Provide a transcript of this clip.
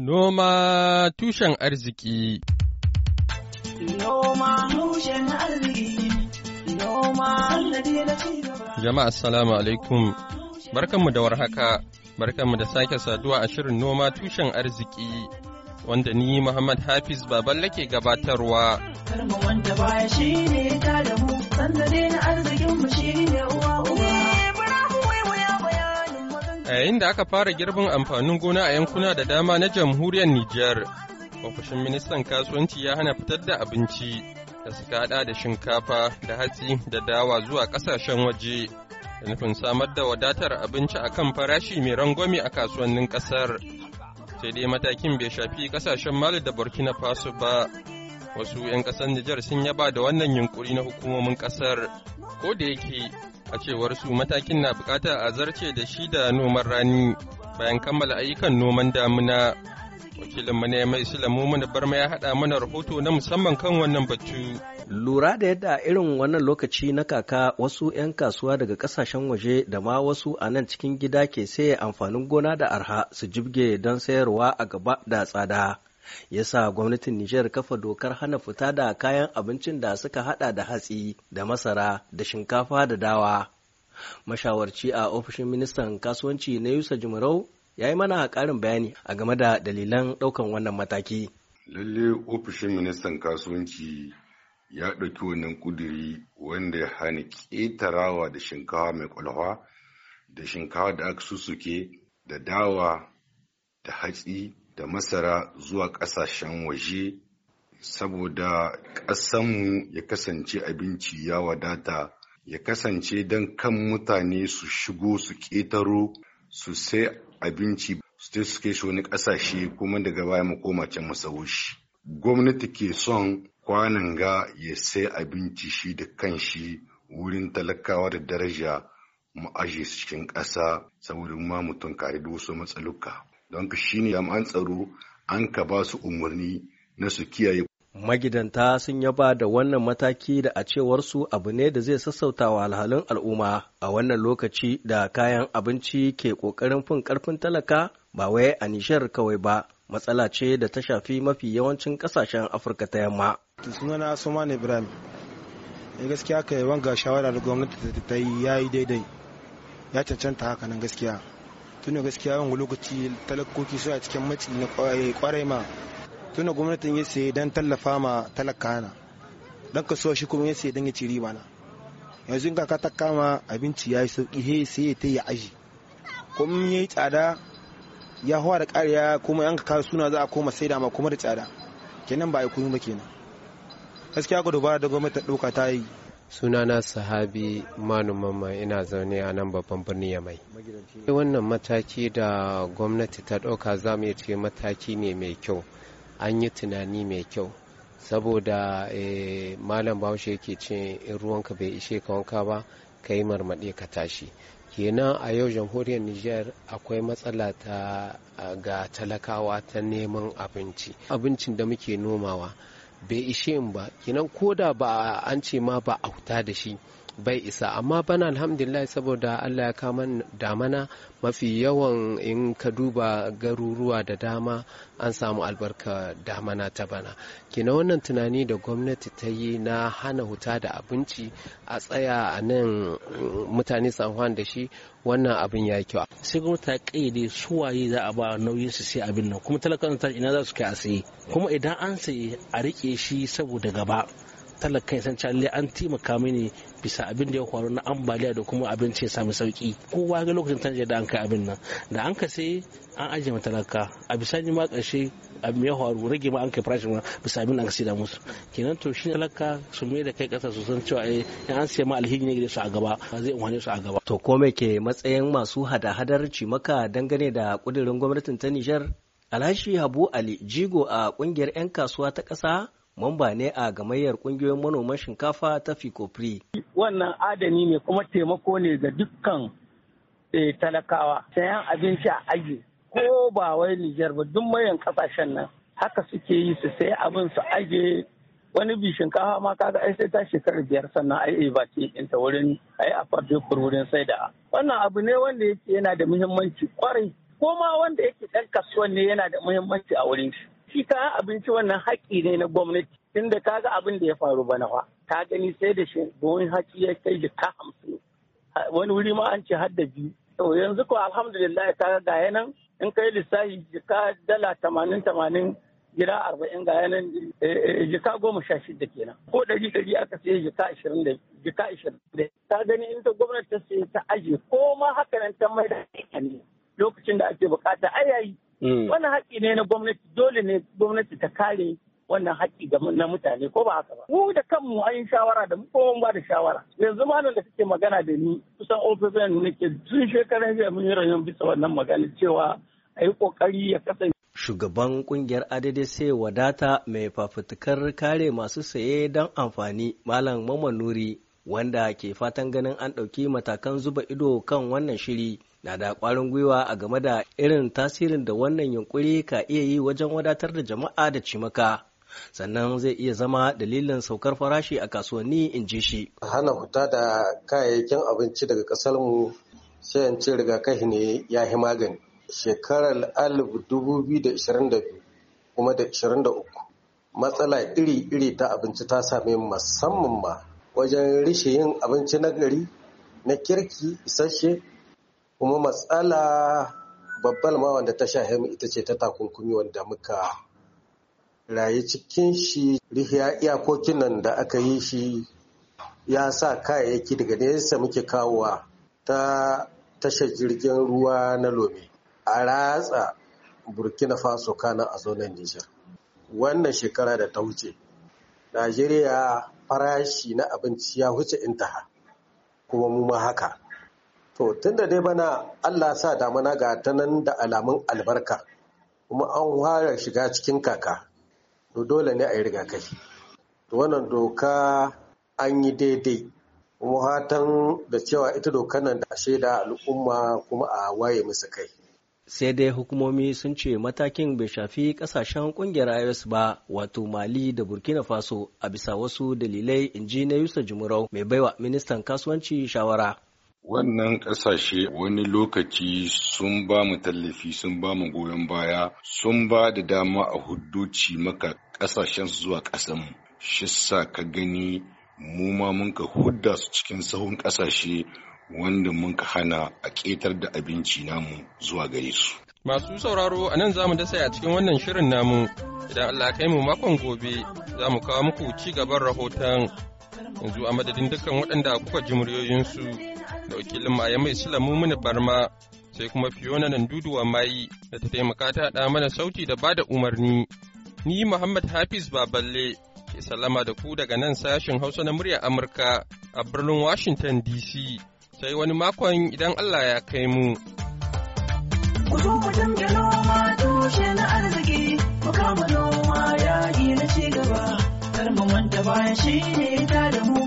Noma tushen arziki Noma Jama'a assalamu alaikum barkanmu da warhaka barkanmu da sake saduwa a shirin noma tushen arziki wanda ni Muhammad Hafiz baban ke gabatarwa wanda baya ta da mu sanda na arzikin uwa uwa A yayin da aka fara girbin amfanin gona a yankuna da dama na jamhuriyar Nijar. Ofishin ministan kasuwanci ya hana fitar da abinci da suka hada da shinkafa da hatsi da dawa zuwa kasashen waje da nufin samar da wadatar abinci a kan farashi mai rangwame a kasuwannin kasar. Sai dai matakin bai shafi kasashen Mali da Burkina Faso ba. Wasu 'yan kasar Nijar sun yaba da wannan yunkuri na hukumomin kasar. Ko da yake A cewar su matakin na bukatar a zarce da shi da noman rani bayan kammala ayyukan noman damuna. Wakilinmu ne mai silamu mana barma ya haɗa mana rahoto na musamman kan wannan batu. Lura da yadda irin wannan lokaci na kaka wasu 'yan kasuwa daga kasashen waje da ma wasu a nan cikin gida ke saye amfanin gona da arha su jibge don sayarwa a gaba da tsada. ya sa gwamnatin Nijar kafa dokar hana fita da kayan abincin da suka hada da hatsi da masara da shinkafa da dawa. Mashawarci a ofishin ministan kasuwanci na Yusa Jumarau ya yi mana ƙarin bayani a game da dalilan ɗaukan wannan mataki. Lalle ofishin ministan kasuwanci ya ɗauki wannan ƙuduri wanda ya hana ƙetarawa da shinkawa mai ƙwalhwa da shinkawa da aka susuke da dawa da hatsi da masara zuwa ƙasashen waje saboda ƙasanmu ya kasance abinci ya wadata ya kasance don kan mutane su shigo su ƙetaro su sai abinci su su suke shi wani ƙasashe kuma daga baya mu koma can mu sawo shi gwamnati ke son kwanan ga ya sai abinci shi da kan shi wurin talakawa da daraja mu cikin ƙasa saboda ma mutum kare da wasu matsaluka don shi ne jami'an tsaro an ka ba su umarni na su kiyaye magidanta sun yaba da wannan mataki da a cewarsu abu ne da zai sassauta wa alhalin al'umma a wannan lokaci da kayan abinci ke ƙoƙarin fin ƙarfin talaka ba wai a nishar kawai ba matsala ce da ta shafi mafi yawancin ƙasashen afirka ta yamma sunana suman ibrahim eh, gaskiya ka yi wanga shawara da gwamnati ta yi ya yi daidai ya cancanta haka nan gaskiya tuna gaskiya wani lokaci talakoki suna cikin matsi na kwarai ma tuna gwamnatin ya sai don tallafa ma talaka na don kasuwa shi kuma ya sai don ya ci riba na yanzu in kaka ta kama abinci ya yi sauki he sai ya ta yi aji kuma ya yi tsada ya hawa da kariya kuma yanka kawo suna za a koma sai dama kuma da tsada kenan ba a yi kunu ba kenan gaskiya ga dubara da gwamnati ta ɗauka ta yi sunana sahabi manu mamman ina zaune a nan babban birnin yamai wannan mataki da gwamnati ta ɗauka za mu ce mataki ne mai kyau an yi tunani mai kyau saboda eh, malam bahaushe yake ce in ruwanka bai ishe ka wanka ba ka yi marmaɗe ka tashi kenan a yau jamhuriyar niger akwai matsala ta ga talakawa ta neman abinci abincin da muke nomawa bai ishe ba kinan koda ba an ce ma ba a huta da shi bai isa amma bana alhamdulillah saboda allah ya kama damana mafi yawan in ka duba garuruwa da dama an samu albarka damana ta bana kina wannan tunani da gwamnati ta yi na hana huta da abinci a tsaya a nan mutane san da shi wannan abin ya kyau sai kuma ta su suwaye za a ba nauyin su sai abin nan kuma talakan ina za su kai a saye kuma idan an saye a rike shi saboda gaba talakan san cewa an taimaka mini bisa abin da ya faru na ambaliya da kuma abinci ya sami sauki kowa ga lokacin tanje da an kai abin nan da an ka sai an ajiye mata talaka a bisa ma karshe abin ya faru rage ma an kai farashin ma bisa abin da aka sida musu kenan to shi talaka su mai da kai kasa su san cewa eh an sai ma alheri ne su a gaba zai umhane su a gaba to ko me ke matsayin masu hada-hadar cimaka dangane da kudirin gwamnatin ta Nijar Alhashi Habu Ali Jigo a kungiyar 'yan kasuwa ta kasa. mamba ne a gamayyar kungiyoyin manoman shinkafa ta fikofri wannan adani ne kuma taimako ne ga dukkan eh, talakawa sayan abinci a aji ko ba wai nijar ba duk mayan kasashen nan haka suke yi su sai abin su aje wani bi shinkafa ma kaga ai sai ta shekarar biyar sannan ai ba ce inta wurin ai a fabrikur wurin sai da wannan abu ne wanda yake yana da muhimmanci kwarai ko ma wanda yake dan kasuwan ne yana da muhimmanci a wurin shi shi ka abinci wannan haƙƙi ne na gwamnati tunda ga abin da ya faru bana fa ta gani sai da shi domin haƙƙi ya kai ka hamsin wani wuri ma an ce har da biyu to yanzu ko alhamdulillah ka ga nan. in kai lissafi jika dala tamanin tamanin gida arba'in gaya nan eh, eh, jika goma sha shida kenan ko ɗari ɗari aka sai jika ashirin da jika ashirin da ta gani in ta gwamnati ta sai ta aje ko ma haka nan ta mai da ne lokacin da ake bukata ai yayi Mm. Wannan haƙƙi ne na gwamnati dole ne gwamnati ta kare wannan haƙƙi ga na mutane ko ba haka ba. Mu da kanmu an yi shawara da mu ba da shawara. Yanzu malam da kake magana da ni kusan ofisar nake tun shekaran jiya mun yi rayuwar bisa wannan magana cewa a yi ƙoƙari ya kasance. Shugaban kungiyar sai wadata mai fafutukar kare masu saye don amfani Malam Mamanuri wanda ke fatan ganin an ɗauki matakan zuba ido kan wannan shiri na da ƙwarin gwiwa a game da irin tasirin da wannan yunkuri ka iya yi wajen wadatar da jama'a da cimaka. sannan zai iya zama dalilin saukar farashi a kasuwanni in ji shi. hana huta da kayayyakin abinci daga ƙasar mu sai ce rigakafi ne ya yi magani shekarar 2022 kuma da 23 matsala iri-iri ta abinci ta same musamman ma wajen rishe yin abinci na gari na kirki isasshe kuma matsala babbar ma wanda ta shahe mu ita ce ta takunkumi wanda muka rayu cikin shi rihiya iyakokin nan da aka yi shi ya sa kayayyaki daga nesa muke kawowa ta tashar jirgin ruwa na lome a ratsa burkina faso kana a zonar nijar wannan shekara da ta wuce najeriya farashi na abinci ya wuce intaha kuma mu ma haka To tun da dai bana Allah sa damana ga ta nan da alamun albarka kuma an fara shiga cikin kaka to dole ne a yi rigakafi. To wannan doka an yi daidai kuma hatan da cewa ita dokan nan da shaida al'umma kuma a waye musu kai. sai dai hukumomi sun ce matakin bai shafi kasashen kungiyar ios ba wato mali da burkina faso a bisa wasu dalilai inji na Yusuf jimurau mai baiwa ministan kasuwanci shawara Wannan ƙasashe wani lokaci sun ba mu tallafi, sun ba mu goyon baya, sun ba da dama a hudduci maka ƙasashen zuwa ƙasan Shi ka gani mu ma mun ka hudda su cikin sahun ƙasashe wanda mun ka hana a ƙetar da abinci namu zuwa gare su. Masu sauraro a nan za mu dasa a cikin wannan shirin namu, idan Allah kai mu makon gobe za mu kawo muku ci gaban rahoton yanzu a madadin dukkan waɗanda kuka ji muryoyinsu da wakilin maye mai silamu mini barma sai kuma fiona nan duduwa mayi da ta taimaka ta haɗa mana sauti da ba da umarni ni muhammad hafiz baballe ke salama da ku daga nan sashen hausa na murya amurka a birnin washington dc sai wani makon idan allah ya kai mu. arziki, mu kama noma yaƙi na ci gaba. kar mu manta baya shi ne ta da mu